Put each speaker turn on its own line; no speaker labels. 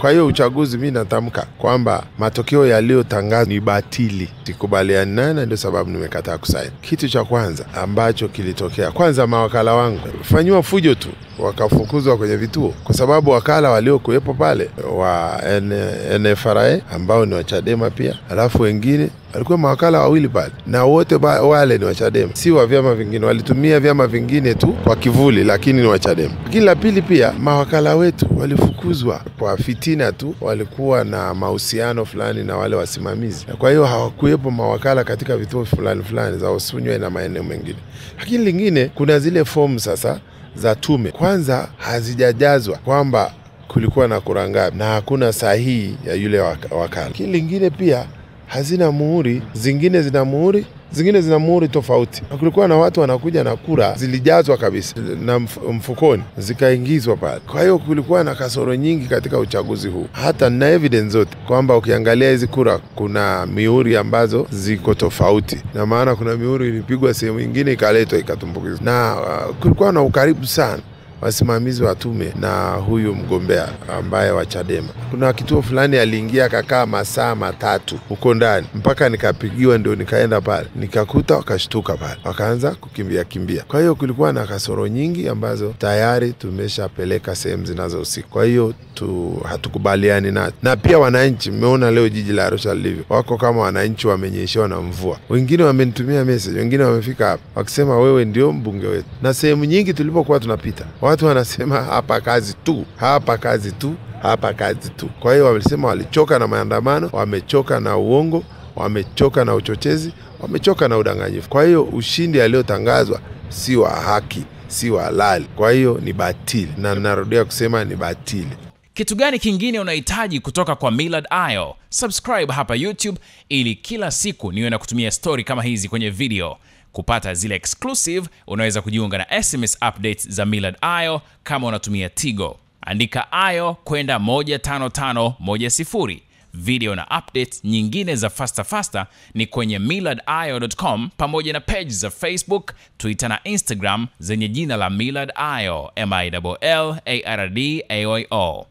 Kwa hiyo uchaguzi, mi natamka kwamba matokeo yaliyotangazwa ni batili, sikubaliani naye, na ndio sababu nimekataa kusaini. Kitu cha kwanza ambacho kilitokea, kwanza mawakala wangu fanyiwa fujo tu, wakafukuzwa kwenye vituo, kwa sababu wakala waliokuwepo pale wa NFRA ambao ni wachadema pia, alafu wengine walikuwa mawakala wawili pale, na wote wale ni wachadema, si wa vyama vingine. Walitumia vyama vingine tu kwa kivuli, lakini ni wachadema. Lakini la pili pia, mawakala wetu walifukuzwa kwa fitina tu, walikuwa na mahusiano fulani na wale wasimamizi, kwa hiyo hawakuwepo mawakala katika vituo fulani fulani za Osunywe na maeneo mengine. Lakini lingine, kuna zile fomu sasa za tume kwanza hazijajazwa kwamba kulikuwa na kura ngapi na hakuna sahihi ya yule wakala. Kile lingine pia hazina muhuri, zingine zina muhuri zingine zina muhuri tofauti. Kulikuwa na watu wanakuja na kura zilijazwa kabisa na mfukoni zikaingizwa pale. Kwa hiyo kulikuwa na kasoro nyingi katika uchaguzi huu, hata na evidence zote kwamba ukiangalia hizi kura kuna mihuri ambazo ziko tofauti, na maana kuna mihuri ilipigwa sehemu nyingine ikaletwa ikatumbukizwa, na uh, kulikuwa na ukaribu sana wasimamizi wa tume na huyu mgombea ambaye wa Chadema. Kuna kituo fulani aliingia akakaa masaa matatu huko ndani mpaka nikapigiwa, ndio nikaenda pale nikakuta wakashtuka pale, wakaanza kukimbia kimbia. Kwa hiyo kulikuwa na kasoro nyingi ambazo tayari tumeshapeleka sehemu zinazohusika. Kwa hiyo tu, hatukubaliani nacho, na pia wananchi, mmeona leo jiji la Arusha lilivyo, wako kama wananchi wamenyeshewa na mvua. Wengine wamenitumia message, wengine wamefika hapa wakisema wewe ndio mbunge wetu, na sehemu nyingi tulipokuwa tunapita watu wanasema hapa kazi tu, hapa kazi tu, hapa kazi tu. Kwa hiyo walisema walichoka na maandamano, wamechoka na uongo, wamechoka na uchochezi, wamechoka na udanganyifu. Kwa hiyo ushindi aliyotangazwa si wa haki, si wa halali. Kwa hiyo ni batili, na narudia kusema ni batili.
Kitu gani kingine unahitaji kutoka kwa Millard Ayo? Subscribe hapa YouTube ili kila siku niwe na kutumia story kama hizi kwenye video. Kupata zile exclusive, unaweza kujiunga na SMS updates za Millard Ayo kama unatumia Tigo. Andika Ayo kwenda 15510. Video na updates nyingine za faster faster ni kwenye millardayo.com pamoja na page za Facebook, Twitter na Instagram zenye jina la Millard Ayo, M I L L A R D A Y O.